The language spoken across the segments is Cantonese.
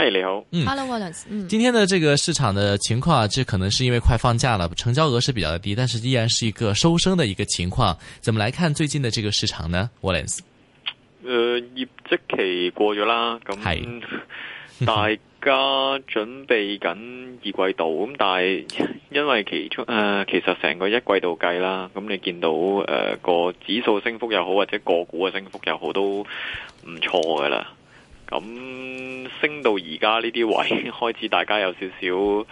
係、hey, 啦，嗯，Hello，Wallace，嗯，今天的這個市場的情況啊，這可能是因為快放假了，成交額是比較低，但是依然是一個收升的一個情況。怎麼來看最近的這個市場呢，Wallace？誒、呃，業績期過咗啦，咁、嗯、 大家準備緊二季度，咁但係因為其中誒、呃，其實成個一季度計啦，咁你見到誒、呃、個指數升幅又好，或者個股嘅升幅又好，都唔錯噶啦。咁升到而家呢啲位，開始大家有少少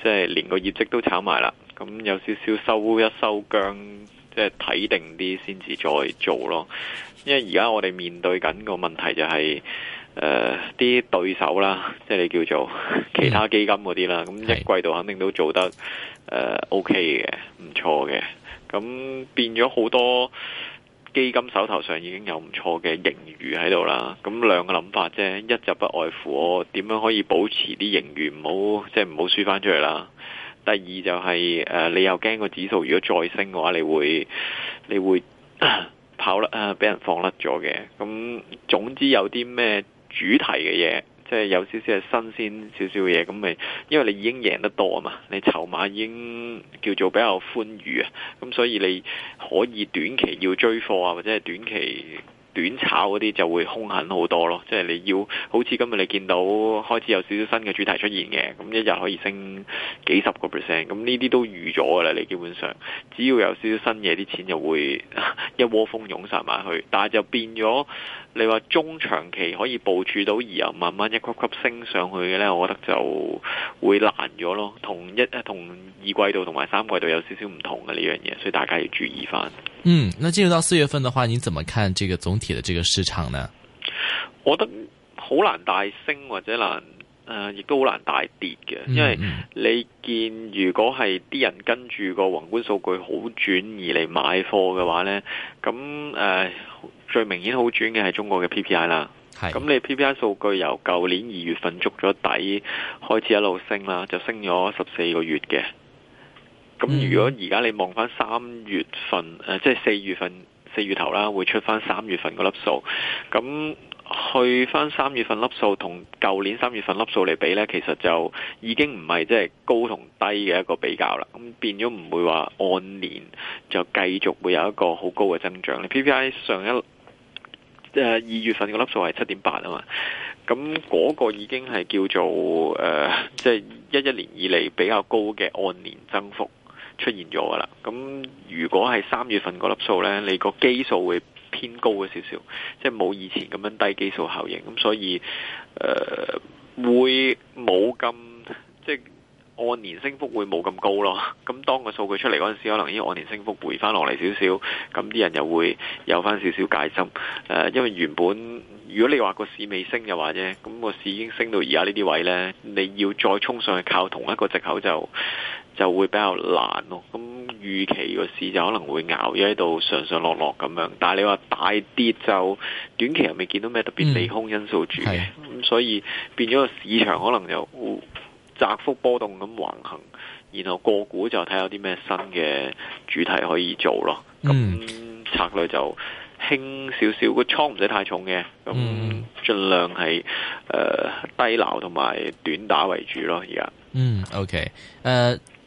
即係連個業績都炒埋啦。咁有少少收一收姜，即係睇定啲先至再做咯。因為而家我哋面對緊個問題就係、是，誒、呃、啲對手啦，即係你叫做其他基金嗰啲啦。咁一季度肯定都做得誒、呃、OK 嘅，唔錯嘅。咁變咗好多。基金手頭上已經有唔錯嘅盈餘喺度啦，咁兩個諗法啫，一就不外乎我點樣可以保持啲盈餘唔好即係唔好輸翻出去啦。第二就係、是、誒、呃，你又驚個指數如果再升嘅話，你會你會、呃、跑甩誒，俾、啊、人放甩咗嘅。咁總之有啲咩主題嘅嘢。即係有少少係新鮮少少嘢，咁咪因為你已經贏得多啊嘛，你籌碼已經叫做比較寬裕啊，咁所以你可以短期要追貨啊，或者係短期。短炒嗰啲就會兇狠好多咯，即係你要好似今日你見到開始有少少新嘅主題出現嘅，咁一日可以升幾十個 percent，咁呢啲都預咗噶啦。你基本上只要有少少新嘢，啲錢就會 一窩蜂湧晒埋去。但係就變咗你話中長期可以部署到，而又慢慢一級級升上去嘅呢，我覺得就會難咗咯。同一同二季度同埋三季度有少少唔同嘅呢樣嘢，所以大家要注意翻。嗯，那進入到四月份的話，你怎麼看這個總體的這個市場呢？我覺得好難大升或者難，誒、呃，亦都好難大跌嘅、嗯嗯，因為你見如果係啲人跟住個宏觀數據好轉而嚟買貨嘅話呢咁誒最明顯好轉嘅係中國嘅 P P I 啦，係咁你 P P I 數據由舊年二月份捉咗底開始一路升啦，就升咗十四個月嘅。咁如果而家你望翻三月份，誒即係四月份四月頭啦，會出翻三月份個粒數。咁去翻三月份粒數同舊年三月份粒數嚟比呢，其實就已經唔係即係高同低嘅一個比較啦。咁變咗唔會話按年就繼續會有一個好高嘅增長。P P I 上一，誒、呃、即係二月份個粒數係七點八啊嘛。咁嗰個已經係叫做誒，即、呃、係、就是、一一年以嚟比較高嘅按年增幅。出現咗噶啦，咁如果係三月份嗰粒數呢，你個基數會偏高咗少少，即係冇以前咁樣低基數效應，咁所以誒、呃、會冇咁即係按年升幅會冇咁高咯。咁當個數據出嚟嗰陣時，可能已經按年升幅回返落嚟少少，咁啲人又會有翻少少戒心。因為原本如果你話個市未升嘅話啫，咁個市已經升到而家呢啲位呢，你要再衝上去靠同一個藉口就就會比較難咯，咁預期個市就可能會熬咗喺度上上落落咁樣，但係你話大跌就短期又未見到咩特別利空因素住嘅，咁、嗯、所以變咗個市場可能就窄幅波動咁橫行，然後個股就睇下有啲咩新嘅主題可以做咯，咁、嗯、策略就輕少少個倉唔使太重嘅，咁盡量係、嗯呃、低樓同埋短打為主咯而家。嗯，OK，誒、uh。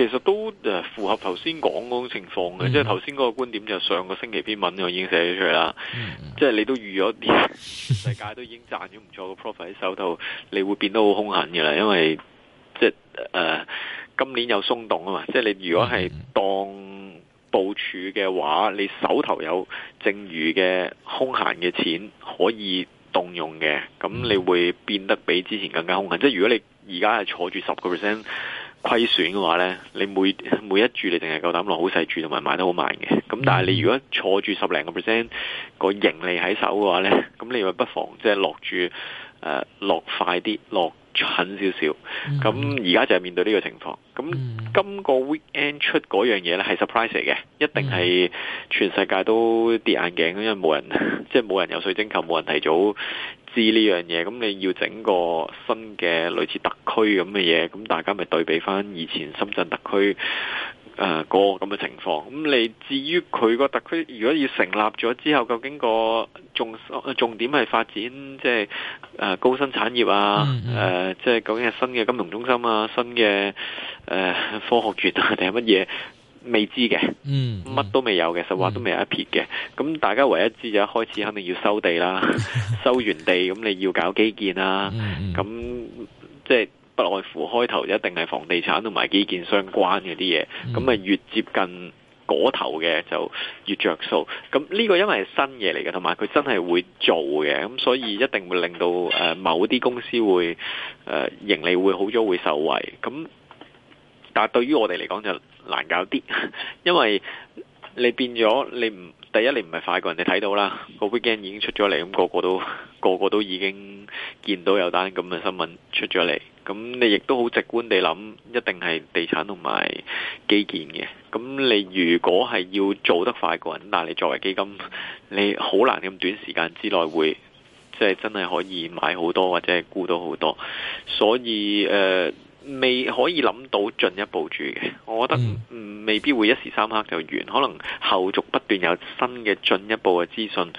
其實都符合頭先講嗰種情況嘅，mm -hmm. 即係頭先嗰個觀點就上個星期篇文我已經寫咗出嚟啦。Mm -hmm. 即係你都預咗啲全世界都已經賺咗唔錯嘅 profit 喺手頭，你會變得好兇狠嘅啦。因為即、呃、今年有鬆動啊嘛。即係你如果係當部署嘅話，你手頭有剩餘嘅空閒嘅錢可以動用嘅，咁你會變得比之前更加兇狠。即係如果你而家係坐住十個 percent。.虧損嘅話咧，你每每一注你淨係夠膽落好細注，同埋買得好慢嘅。咁但係你如果坐住十零個 percent 個盈利喺手嘅話咧，咁你不妨即係落住。誒落快啲，落狠少少。咁而家就係面對呢個情況。咁今個 weekend 出嗰樣嘢咧係 surprise 嚟嘅，一定係全世界都跌眼鏡，因為冇人，即係冇人有水晶球，冇人提早知呢樣嘢。咁你要整個新嘅類似特區咁嘅嘢，咁大家咪對比返以前深圳特區。誒、呃，個咁嘅情況，咁你至於佢個特區，如果要成立咗之後，究竟個重重點係發展即係、呃、高新產業啊，mm -hmm. 呃、即係究竟係新嘅金融中心啊，新嘅、呃、科學園啊，定係乜嘢未知嘅？嗯，乜都未有嘅，實話都未有一撇嘅。咁、mm -hmm. 大家唯一知就一開始，肯定要收地啦， 收完地，咁你要搞基建啦、啊，咁、mm -hmm. 即係。外乎開頭一定係房地產同埋基建相關嗰啲嘢，咁咪越接近嗰頭嘅就越着數。咁呢個因為係新嘢嚟嘅，同埋佢真係會做嘅，咁所以一定會令到誒某啲公司會誒盈利會好咗，會受惠。咁但係對於我哋嚟講就難搞啲，因為。你變咗，你唔第一，你唔係快過人，你睇到啦。個 weekend 已經出咗嚟，咁、個個都個個都已經見到有單，咁嘅新聞出咗嚟。咁你亦都好直觀地諗，一定係地產同埋基建嘅。咁你如果係要做得快過人，但係你作為基金，你好難咁短時間之內會即係、就是、真係可以買好多或者係沽多好多。所以誒。呃未可以諗到進一步住嘅，我覺得未必會一時三刻就完，可能後續不斷有新嘅進一步嘅資訊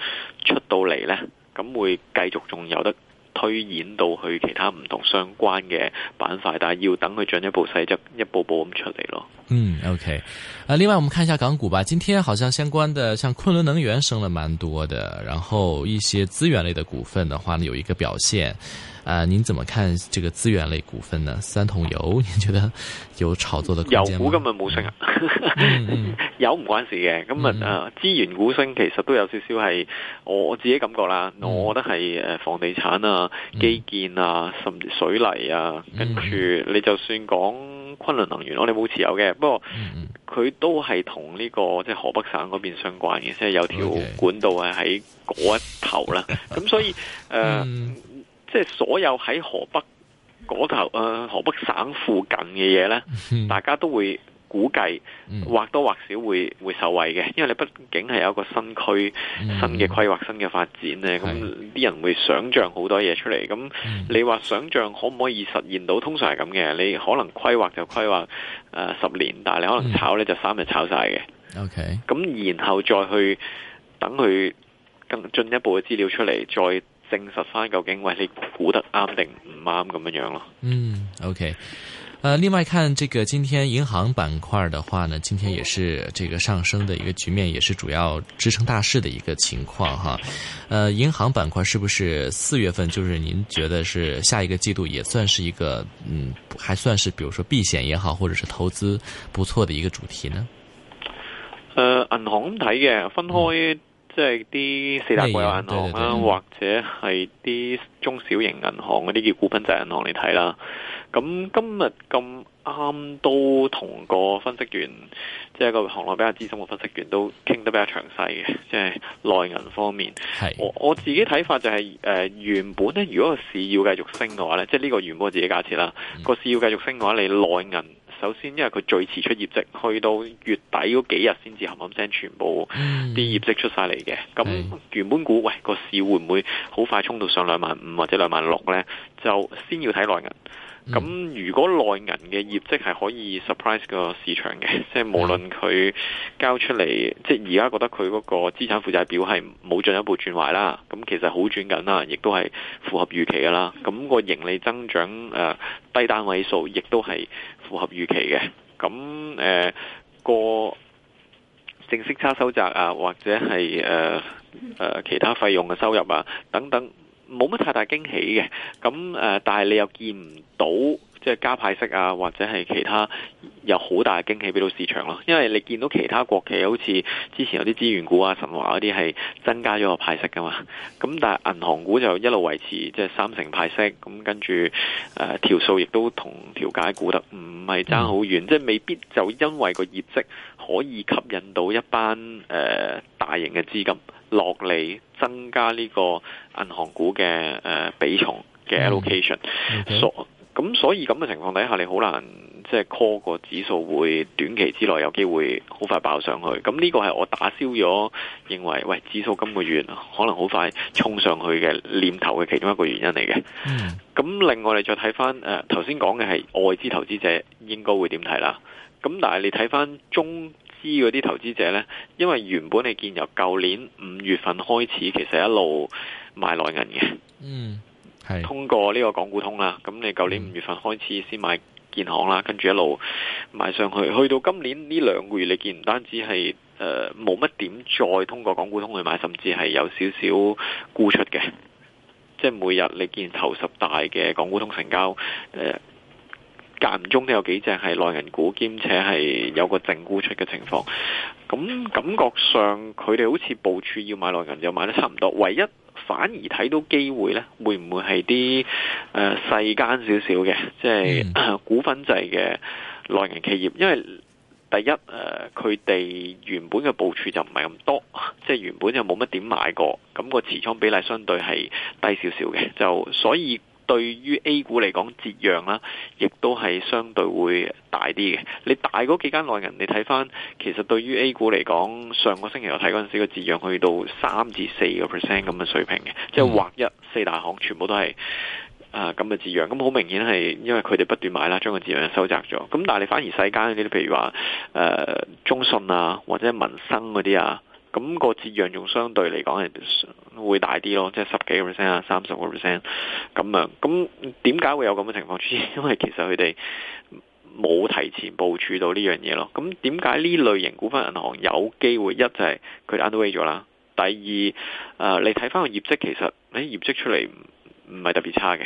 出到嚟呢，咁會繼續仲有得推演到去其他唔同相關嘅板塊，但係要等佢進一步細則一步一步咁出嚟咯。嗯，OK，另外我們看一下港股吧。今天好像相關的，像昆侖能源升了蠻多的，然後一些資源類的股份的話呢，有一個表現。啊、呃，您怎麼看這個資源類股份呢？三桶油，你覺得有炒作的空間嗎？油股今日冇升啊，有唔關事嘅，今日啊資源股升其實都有少少係我自己感覺啦、哦，我覺得係誒房地產啊、基建啊，嗯、甚至水泥啊，跟、嗯、住、嗯、你就算講昆崙能源，我哋冇持有嘅，不過佢都係同呢個即係、就是、河北省嗰邊相關嘅，即、就、係、是、有一條管道係喺嗰一頭啦，咁、哦、所以誒。嗯呃即係所有喺河北嗰頭誒，河北省附近嘅嘢呢，大家都會估計，或多或少會會受惠嘅。因為你畢竟係有一個新區、新嘅規劃、新嘅發展咧，咁啲人會想象好多嘢出嚟。咁你話想象可唔可以實現到？通常係咁嘅，你可能規劃就規劃、呃、十年，但係你可能炒咧就三日炒晒嘅。OK，咁然後再去等佢更進一步嘅資料出嚟，再。證實翻究竟為你估得啱定唔啱咁樣樣咯。嗯，OK，呃，另外看這個今天銀行板塊的話呢，今天也是這個上升的一個局面，也是主要支撐大市的一個情況哈。呃，銀行板塊是不是四月份就是您覺得是下一個季度也算是一個嗯，還算是，比如說避險也好，或者是投資不錯的一個主題呢？呃，銀行睇嘅分開，嗯。即係啲四大國有銀行啦，或者係啲中小型銀行嗰啲叫股份制銀行嚟睇啦。咁今日咁啱都同個分析員，即係個行內比較資深嘅分析員都傾得比較詳細嘅。即係內銀方面，我我自己睇法就係，誒原本咧，如果個市要繼續升嘅話咧，即係呢個原本我自己的假設啦，個市要繼續升嘅話，你內銀。首先，因為佢最遲出業績去到月底嗰幾日先至冚冚聲全部啲業績出晒嚟嘅。咁原本估喂個市會唔會好快衝到上兩萬五或者兩萬六咧？就先要睇內銀咁、嗯、如果內銀嘅業績係可以 surprise 個市場嘅，即、就、係、是、無論佢交出嚟，即係而家覺得佢嗰個資產負債表係冇進一步轉壞啦，咁其實好轉緊啦，亦都係符合預期嘅。咁、那個盈利增長誒、呃、低單位數，亦都係符合預期嘅。咁誒、呃、個淨息差收窄啊，或者係誒誒其他費用嘅收入啊，等等。冇乜太大驚喜嘅，咁誒、呃，但係你又見唔到即係、就是、加派息啊，或者係其他有好大驚喜俾到市場咯，因為你見到其他國企好似之前有啲資源股啊、神華嗰啲係增加咗個派息噶嘛，咁但係銀行股就一路維持即係、就是、三成派息，咁跟住誒、呃、條數亦都同條解估得唔係爭好遠，即、嗯、係、就是、未必就因為個業績可以吸引到一班誒、呃、大型嘅資金。落嚟增加呢個銀行股嘅誒、呃、比重嘅 allocation，所咁、mm. okay. so, 所以咁嘅情況底下，你好難即係、就是、call 個指數會短期之內有機會好快爆上去。咁呢個係我打消咗認為，喂指數今個月可能好快衝上去嘅念頭嘅其中一個原因嚟嘅。咁、mm. 另外你再睇翻誒頭先講嘅係外資投資者應該會點睇啦。咁但係你睇翻中。知嗰啲投資者呢，因為原本你見由舊年五月份開始，其實一路買內銀嘅，嗯，係通過呢個港股通啦。咁你舊年五月份開始先買建行啦，跟住一路買上去，去到今年呢兩個月，你見唔單止係冇乜點再通過港股通去買，甚至係有少少沽出嘅，即係每日你見頭十大嘅港股通成交、呃間中都有幾隻係內銀股，兼且係有個淨沽出嘅情況。咁感覺上佢哋好似部署要買內銀就買得差唔多，唯一反而睇到機會呢，會唔會係啲呃、細間少少嘅，即係 mm -hmm. 啊、股份制嘅內銀企業？因為第一呃、佢哋原本嘅部署就唔係咁多，即係原本就冇乜點買過，咁個持倉比例相對係低少少嘅，就所以。對於 A 股嚟講，折讓啦、啊，亦都係相對會大啲嘅。你大嗰幾間內銀，你睇翻，其實對於 A 股嚟講，上個星期我睇嗰陣時個折讓去到三至四個 percent 咁嘅水平嘅，嗯，即係劃一四大行全部都係咁嘅折讓，咁好明顯係因為佢哋不斷買啦，將個折讓收窄咗。咁但係你反而細間嗰啲，譬如話，誒、呃、中信啊，或者民生嗰啲啊。咁、個折讓用相對嚟講係會大啲咯，即係十幾個 percent 啊，三十個 percent 咁樣。咁點解會有咁嘅情況出現？因為其實佢哋冇提前部署到呢樣嘢咯。咁點解呢類型股份銀行有機會一就係佢 underweight 咗啦？第二，誒、呃、你睇翻個業績，其實喺業績出嚟唔係特別差嘅。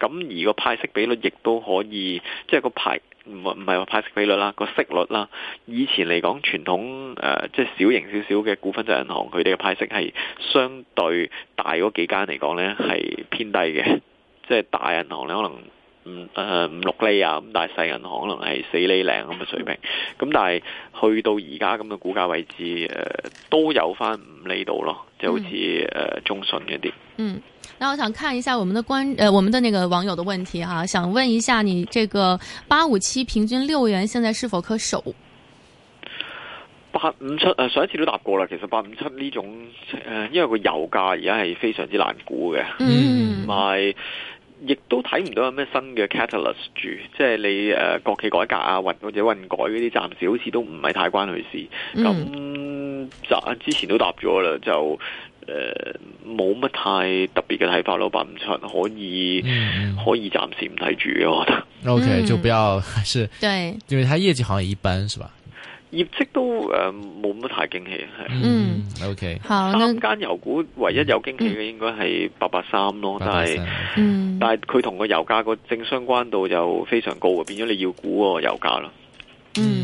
咁而個派息比率亦都可以，即、就、係、是、個派。唔，唔係話派息比率啦，個息率啦，以前嚟講傳統，誒、即係小型少少嘅股份制銀行，佢哋嘅派息係相對大嗰幾間嚟講咧係偏低嘅，即係大銀行咧可能。五誒唔六厘啊，咁但係細銀行可能係四厘零咁嘅水平，咁但係去到而家咁嘅股價位置誒、呃、都有翻五厘度咯，就好似誒、嗯呃、中信嗰啲。嗯,那我想看一下我們的觀誒、呃、我們的那個網友的問題啊，想問一下你這個八五七平均六元，現在是否可守？八五七誒上一次都答過啦，其實八五七呢種誒、呃，因為個油價而家係非常之難估嘅，嗯，同亦都睇唔到有咩新嘅 catalyst 住，即係你誒國企改革啊，或或者混改嗰啲，暫時好似都唔係太關佢事。咁、嗯，就之前都答咗啦，就誒冇乜太特別嘅睇法咯，八唔七可以可以暫時唔睇住，我覺得 O K，就不要，係，是對，因為佢業績好像一般，是吧？業績都誒冇咁多太驚喜，係嗯，O K，三間油股唯一有驚喜嘅應該係八八三咯，但係，嗯，但係佢同個油價個正相關度就非常高嘅，變咗你要估個油價啦，嗯、mm。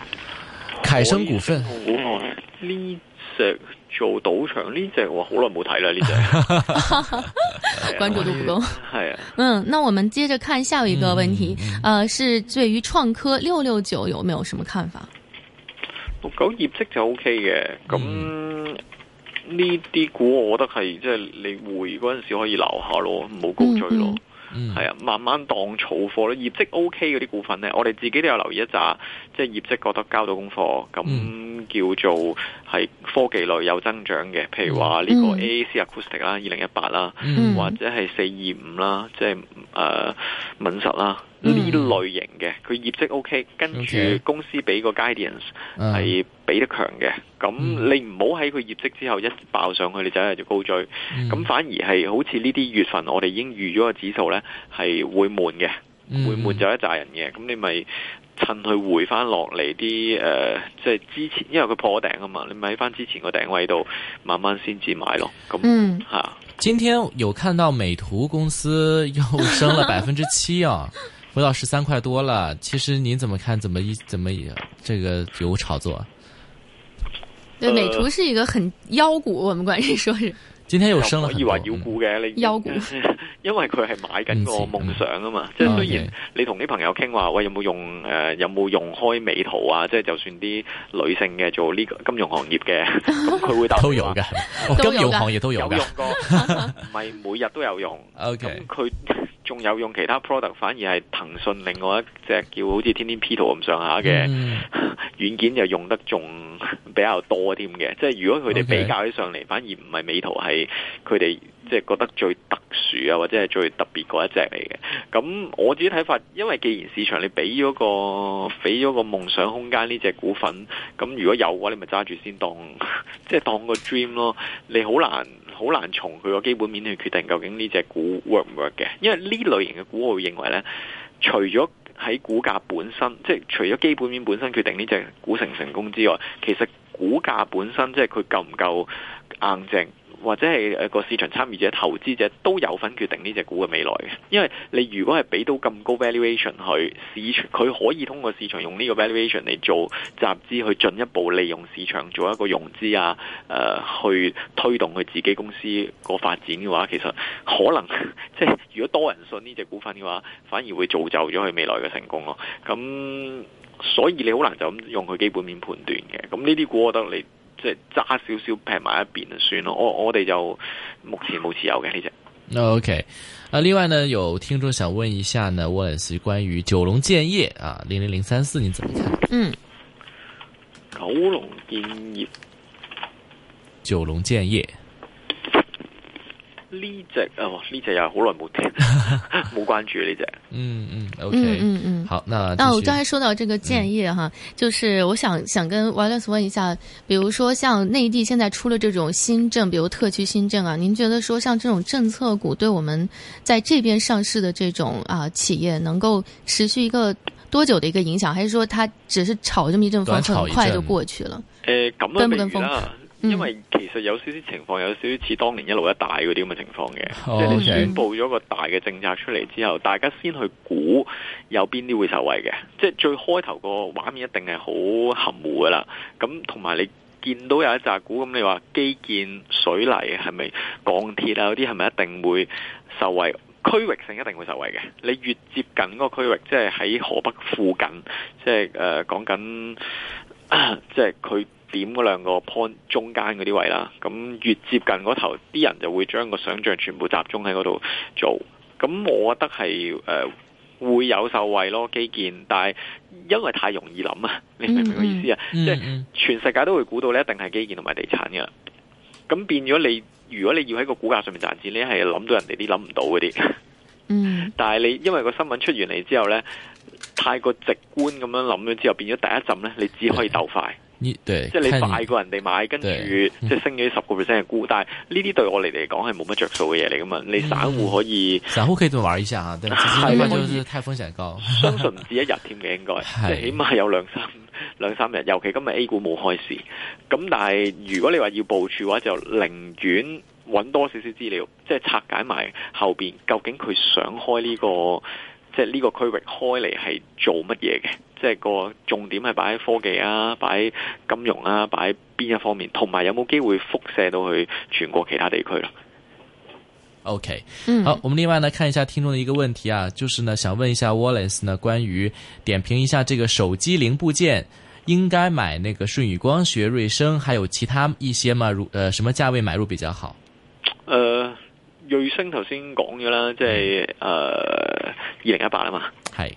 泰升股份呢隻、嗯嗯、做賭場呢隻我好耐冇睇啦呢隻， 關注度唔高，係 對啊。 嗯，那我們接着看下一個問題，嗯、呃，是對於創科六六九有沒有什麼看法？六九業績就 OK 嘅，咁呢啲股我覺得係即係你回嗰陣時可以留下咯，唔好高追咯。嗯係、嗯、啊，慢慢當儲貨咯。業績 OK 嗰啲股份咧，我哋自己都有留意一紮，即係業績覺得交到功課咁叫做。係科技類有增長嘅，譬如話呢個 AAC Acoustic 啦，二零一八啦，或者係四二五啦，即係誒，敏實啦呢、嗯、類型嘅，佢業績 OK，跟住公司俾個 guidance 係俾得強嘅，咁、嗯、你唔好喺佢業績之後一爆上去，你就係就高追，咁、嗯、反而係好似呢啲月份，我哋已經預咗個指數呢，係會悶嘅、嗯，會悶就一扎人嘅，咁你咪。趁佢回翻落嚟啲，誒，即係之前，因為佢破頂啊嘛，你買翻之前個頂位度，慢慢先至買咯。咁嗯，吓、啊，今天有看到美圖公司又升了百分之七啊，回 到十三塊多了。其實您怎麼看？怎麼一怎麼這個有炒作？對，呃、美圖是一個很妖股，我們管人說是。今天又升了很多，可以話妖股嘅呢？嗯、你妖股。 因為佢係買緊個夢想啊嘛，即、嗯、係、嗯、雖然你同啲朋友傾話，喂，有冇用誒、呃、有冇用開美圖啊？即係就算啲女性嘅做呢個金融行業嘅，咁 佢會答的話都用嘅，哦，金融行業都用嘅，有用過，唔 係每日都有用。咁佢。Okay. 仲有用其他 product，反而係騰訊另外一隻叫好似天天 P 圖咁上下嘅軟件，就用得仲比較多添嘅。即係如果佢哋比較起上嚟，Okay. 反而唔係美圖係佢哋即係覺得最特殊啊，或者係最特別嗰一隻嚟嘅。咁我自己睇法，因為既然市場你俾咗個俾咗個夢想空間呢隻股份，咁如果有嘅話你咪揸住先當即係當個 dream 咯。你好難。好難從佢個基本面去決定究竟呢隻股 work 唔 work 嘅，因為呢類型嘅股，我會認為呢，除咗喺股價本身，即係除咗基本面本身決定呢隻股成唔成功之外，其實股價本身即係佢夠唔夠硬淨。或者係誒個市場參與者、投資者都有份決定呢隻股嘅未來嘅，因為你如果係俾到咁高 valuation 去市場，佢可以通過市場用呢個 valuation 嚟做集資，去進一步利用市場做一個融資啊，呃、去推動佢自己公司個發展嘅話，其實可能即係如果多人信呢隻股份嘅話，反而會造就咗佢未來嘅成功咯。咁所以你好難就咁用佢基本面判斷嘅。咁呢啲股，我覺得你。即係揸少少劈埋一邊就算咯，我我哋就目前冇持有嘅呢隻。那 OK，啊，另外呢，有聽眾想問一下呢，問是關於九龍建業啊，零零零三四，你怎麼睇？嗯，九龍建業，九龍建業。呢隻啊，呢隻又好耐冇聽，冇 關注呢隻、這個。嗯嗯，O、OK, K，嗯嗯嗯，好，那那、哦、我剛才說到這個建議、嗯、哈，就是我想想跟，Wallace 問一下，比如說像內地現在出了這種新政，比如特區新政啊，您覺得說像這種政策股，對我們在這邊上市的這種啊企業，能夠持續一個多久的一個影響，還是說它只是炒這麼一陣風，可很快就過去了？誒，跟不跟風？嗯、因為其實有少少情況，有少少似當年一路一帶嗰啲咁嘅情況嘅、okay，即係你宣布咗個大嘅政策出嚟之後，大家先去估有邊啲會受惠嘅，即係最開頭個畫面一定係好含糊噶啦。咁同埋你見到有一扎股，咁你話基建、水泥係咪、鋼鐵啊嗰啲，係咪一定會受惠？區域性一定會受惠嘅。你越接近嗰個區域，即係喺河北附近，即係誒講緊，即係佢。點嗰兩個 point 中間嗰啲位啦，咁越接近嗰頭，啲人就會將個想象全部集中喺嗰度做。咁我覺得係、呃、會有受惠咯基建，但係因為太容易諗啊，你明唔明我意思啊？Mm-hmm. 即係全世界都會估到呢，一定係基建同埋地產嘅。咁變咗你，如果你要喺個股價上面賺錢，你係諗到人哋啲諗唔到嗰啲。Mm-hmm. 但係你因為個新聞出完嚟之後呢，太過直觀咁樣諗咗之後，變咗第一陣呢，你只可以鬥快。對，即係你快過人哋買，跟住即係升起十個 percent 嘅股，但係呢啲對我哋嚟講係冇乜着數嘅嘢嚟噶嘛？你散戶可以，散、嗯、戶可以再玩一下啊，但就太風險高，相信唔止一日添嘅應該， 即係起碼有兩三兩三日。尤其今日 A 股冇開市，咁但係如果你話要部署嘅話，就寧願揾多少少資料，即係拆解埋後邊究竟佢想開呢、這個。即係呢個區域開嚟係做乜嘢嘅？即係個重點係擺喺科技啊，擺喺金融啊，擺喺邊一方面，同埋有冇機會輻射到去全國其他地區啦？OK，好，我們另外呢，看一下聽眾嘅一個問題啊，就是呢，想問一下 Wallace 呢，關於點評一下這個手機零部件，應該買那個舜宇光學、瑞聲，還有其他一些嘛？如，呃，什麼價位買入比較好？呃。瑞星頭先講咗啦，即係誒二零一八啊嘛，係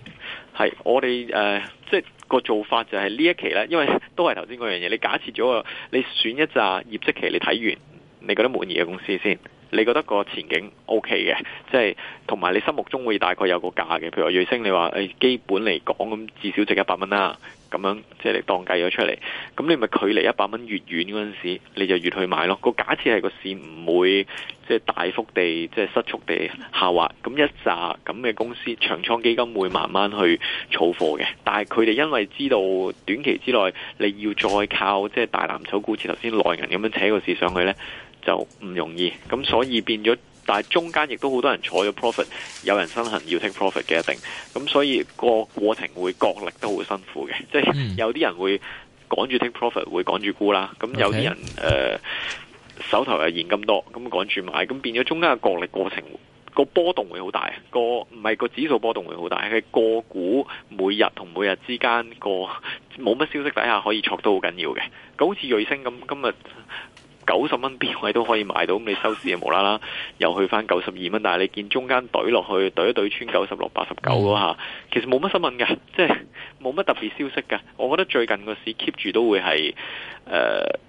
係我哋誒，即係個做法就係呢一期咧，因為都係頭先嗰樣嘢，你假設咗個你選一紮業績期，你睇完你覺得滿意嘅公司先。你覺得個前景 OK 嘅，即係同埋你心目中會大概有個價嘅，譬如話瑞星你，你、哎、話基本嚟講咁至少值一百蚊啦，咁樣即係、就是、你當計咗出嚟。咁你咪距離一百蚊越遠嗰陣時，你就越去買咯。個假設係個市唔會即係、就是、大幅地即係、就是、失速地下滑，咁一扎咁嘅公司長倉基金會慢慢去儲貨嘅。但係佢哋因為知道短期之內你要再靠即係、就是、大藍籌股，似頭先內銀咁樣扯個市上去呢。就唔容易，咁所以變咗，但係中間亦都好多人坐咗 profit，有人身痕要 take profit 嘅一定，咁所以個過程會角力都好辛苦嘅，即係有啲人會趕住 take profit，會趕住沽啦，咁有啲人誒、okay. 呃、手頭又現金多，咁趕住買，咁變咗中間嘅角力過程個波動會好大，個唔係個指數波動會好大，係個股每日同每日之間個冇乜消息底下可以錯都好緊要嘅，咁好似瑞星咁今日。九十蚊邊位都可以買到，咁你收市就無無又無啦啦又去翻九十二蚊，但係你見中間懟落去，懟一懟穿九十六、八十九嗰下，其實冇乜新聞㗎，即係冇乜特別消息㗎。我覺得最近個市 keep 住都會係誒。呃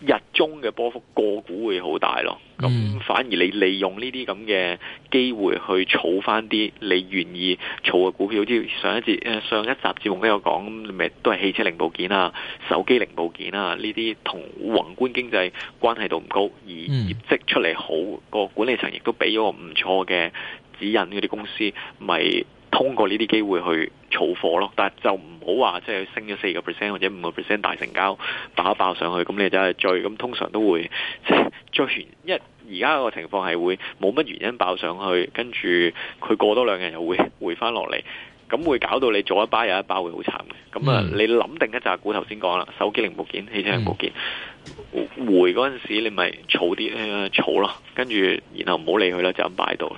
日中嘅波幅，個股會好大咯。咁反而你利用呢啲咁嘅機會去儲翻啲你願意儲嘅股票，好似上一節誒上一集節目有都有講，咪都係汽車零部件啊、手機零部件啊呢啲，同宏觀經濟關係度唔高，而業績出嚟好，個管理層亦都俾咗個唔錯嘅指引嗰啲公司咪，通過呢啲機會去儲貨咯，但係就唔好話即係升咗四個 percent 或者五個 percent 大成交爆一爆上去，咁你就係追。咁通常都會追完，因為而家個情況係會冇乜原因爆上去，跟住佢過多兩日又會回翻落嚟，咁會搞到你左一巴、右一巴，右一巴會，會好慘嘅。咁啊，你諗定一隻股頭先講啦，手機零部件、汽車零部件，mm -hmm. 回嗰陣時你咪儲啲儲咯，跟、呃、住然後唔好理佢啦，就咁擺度。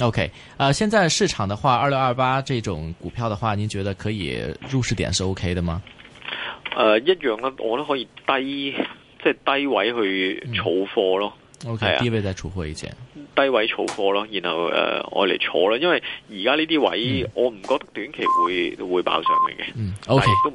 O K，啊，現在市場的話，二六二八這種股票的話，您覺得可以入市點是 O、okay、K 的嗎？誒、呃，一樣啊，我都可以低，即、就、係、是、低位去儲貨咯。O K，低位再儲貨以前，低位儲貨咯，然後誒我嚟坐啦，因為而家呢啲位我唔覺得短期會、嗯、會爆上嚟嘅。嗯，O、okay. K